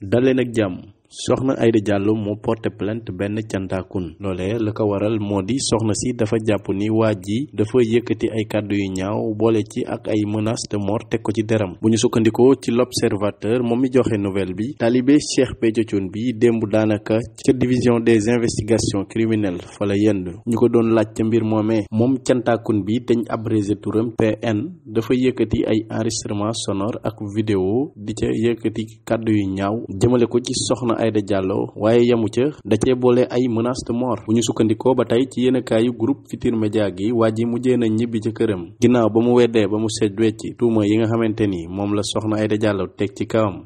dal leen ak jàmm soxna Aida Diallo moo porté plainte benn cantaakun loolee la ko waral moo di soxna si dafa jàpp ni waa ji dafa yëkkati ay kàddu yu ñaaw boole ci ak ay menaces de mort teg ko ci deram bu ñu sukkandikoo ci l'observateur moom mi joxe nouvelle bi taalibe Cheikh Béthio Thioune bi démb daanaka ca division des investigations criminelles fa la ñu ko doon laaj ca mbir moomee moom cantaakun bi dañ abrégé turam PN dafa yëkkati ay enregistrement sonore ak vidéo di ca yëkkati kàddu yu ñaaw jëmale ko ci soxna Aïda Diallo waaye yamu ca dacee boole ay menace de mort bu ñu sukkandikoo ba tey ci yéenekaayu groupe Futurs média gi waa ji mujjee na ñibbi ca këram ginnaaw ba mu weddee ba mu seet wecci tuuma yi nga xamante ni moom la soxna Aïda jàlloo teg ci kawam